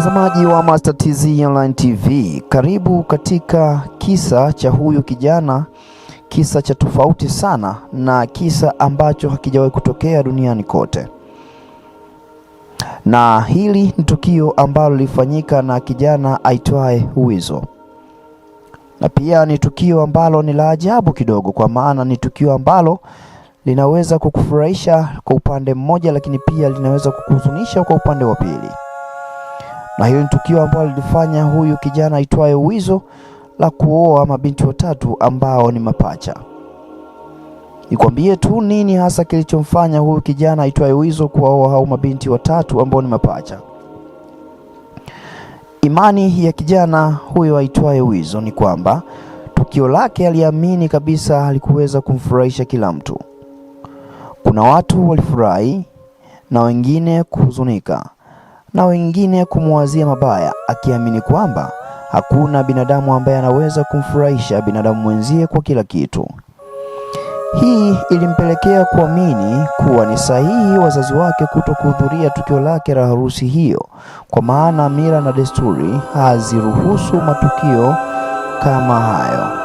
Mtazamaji wa Master TZ Online TV, karibu katika kisa cha huyu kijana, kisa cha tofauti sana na kisa ambacho hakijawahi kutokea duniani kote, na hili ni tukio ambalo lilifanyika na kijana aitwaye Uwizo, na pia ni tukio ambalo ni la ajabu kidogo, kwa maana ni tukio ambalo linaweza kukufurahisha kwa upande mmoja, lakini pia linaweza kukuhuzunisha kwa upande wa pili na hiyo ni tukio ambalo lilifanya huyu kijana aitwaye Wizo la kuoa mabinti watatu ambao ni mapacha. Nikwambie tu nini hasa kilichomfanya huyu kijana aitwaye Wizo kuwaoa hao mabinti watatu ambao ni mapacha. Imani ya kijana huyo aitwaye Wizo ni kwamba tukio lake aliamini kabisa alikuweza kumfurahisha kila mtu. Kuna watu walifurahi na wengine kuhuzunika, na wengine kumwazia mabaya, akiamini kwamba hakuna binadamu ambaye anaweza kumfurahisha binadamu mwenzie kwa kila kitu. Hii ilimpelekea kuamini kuwa ni sahihi wazazi wake kuto kuhudhuria tukio lake la harusi hiyo, kwa maana mila na desturi haziruhusu matukio kama hayo.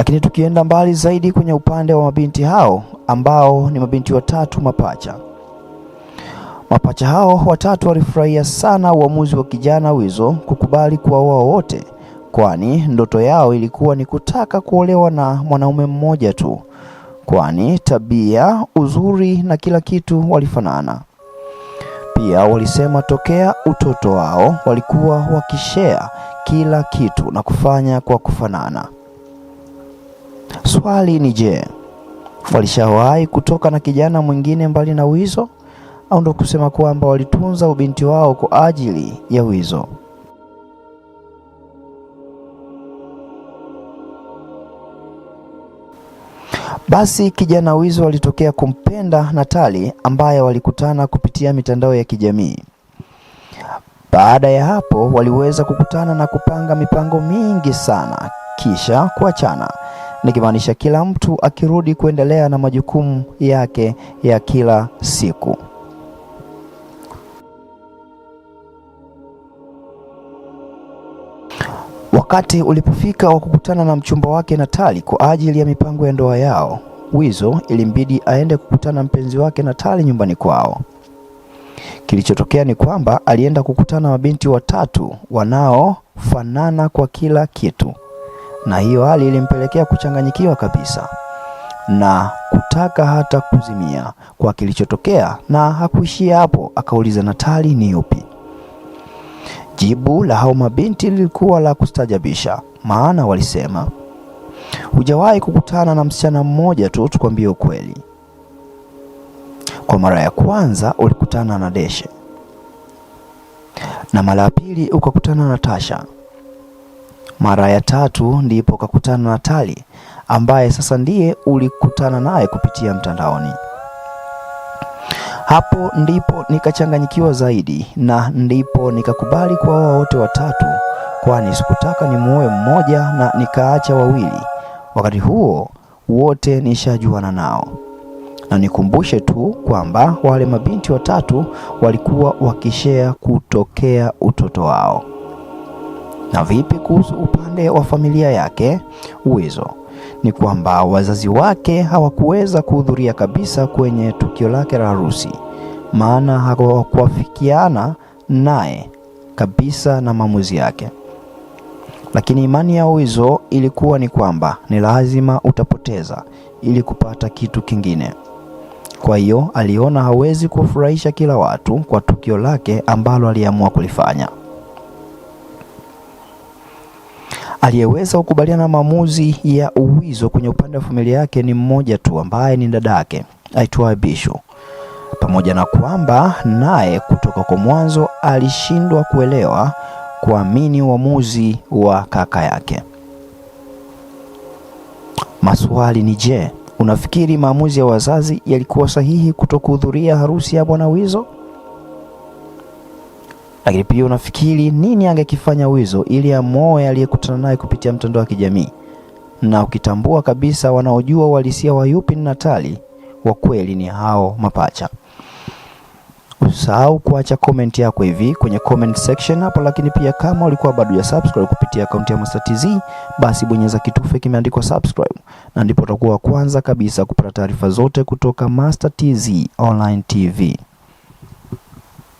Lakini tukienda mbali zaidi kwenye upande wa mabinti hao ambao ni mabinti watatu mapacha. Mapacha hao watatu walifurahia sana uamuzi wa kijana Wizo kukubali kuwaoa wote, kwani ndoto yao ilikuwa ni kutaka kuolewa na mwanaume mmoja tu, kwani tabia, uzuri na kila kitu walifanana. Pia walisema tokea utoto wao walikuwa wakishea kila kitu na kufanya kwa kufanana. Swali ni je, walishawahi kutoka na kijana mwingine mbali na Wizo au ndo kusema kwamba walitunza ubinti wao kwa ajili ya Wizo? Basi kijana Wizo alitokea kumpenda Natali ambaye walikutana kupitia mitandao ya kijamii. Baada ya hapo waliweza kukutana na kupanga mipango mingi sana kisha kuachana nikimaanisha kila mtu akirudi kuendelea na majukumu yake ya kila siku. Wakati ulipofika wa kukutana na mchumba wake Natali kwa ajili ya mipango ya ndoa yao, Wizo ilimbidi aende kukutana mpenzi wake Natali nyumbani kwao. Kilichotokea ni kwamba alienda kukutana mabinti watatu wanaofanana kwa kila kitu na hiyo hali ilimpelekea kuchanganyikiwa kabisa na kutaka hata kuzimia kwa kilichotokea. Na hakuishia hapo, akauliza Natali ni yupi? Jibu la hao mabinti lilikuwa la kustajabisha, maana walisema hujawahi kukutana na msichana mmoja tu, tukwambie ukweli. Kwa mara ya kwanza ulikutana na Deshe na mara ya pili ukakutana na Tasha mara ya tatu ndipo kakutana na Tali ambaye sasa ndiye ulikutana naye kupitia mtandaoni. Hapo ndipo nikachanganyikiwa zaidi na ndipo nikakubali kuoa wote watatu, kwani sikutaka nimuoe mmoja na nikaacha wawili. Wakati huo wote nishajuana nao, na nikumbushe tu kwamba wale mabinti watatu walikuwa wakishea kutokea utoto wao. Na vipi kuhusu upande wa familia yake? Uwezo ni kwamba wazazi wake hawakuweza kuhudhuria kabisa kwenye tukio lake la harusi, maana hawakuafikiana naye kabisa na maamuzi yake. Lakini imani ya Uwezo ilikuwa ni kwamba ni lazima utapoteza ili kupata kitu kingine. Kwa hiyo aliona hawezi kuwafurahisha kila watu kwa tukio lake ambalo aliamua kulifanya. Aliyeweza kukubaliana na maamuzi ya Uwizo kwenye upande wa familia yake ni mmoja tu ambaye ni dada yake aitwaye Bisho, pamoja na kwamba naye kutoka kwa mwanzo alishindwa kuelewa kuamini uamuzi wa kaka yake. Maswali ni je, unafikiri maamuzi ya wazazi yalikuwa sahihi kutokuhudhuria harusi ya Bwana Wizo? Lakini pia unafikiri nini angekifanya wizo ili amwoe aliyekutana naye kupitia mtandao wa kijamii, na ukitambua kabisa wanaojua uhalisia wa Yupi na Natali wa kweli ni hao mapacha. Usahau kuacha comment yako hivi kwenye comment section hapo, lakini pia kama ulikuwa bado ya subscribe kupitia akaunti ya Master TZ, basi bonyeza kitufe kimeandikwa subscribe, na ndipo utakuwa wa kwanza kabisa kupata taarifa zote kutoka Master TZ Online TV.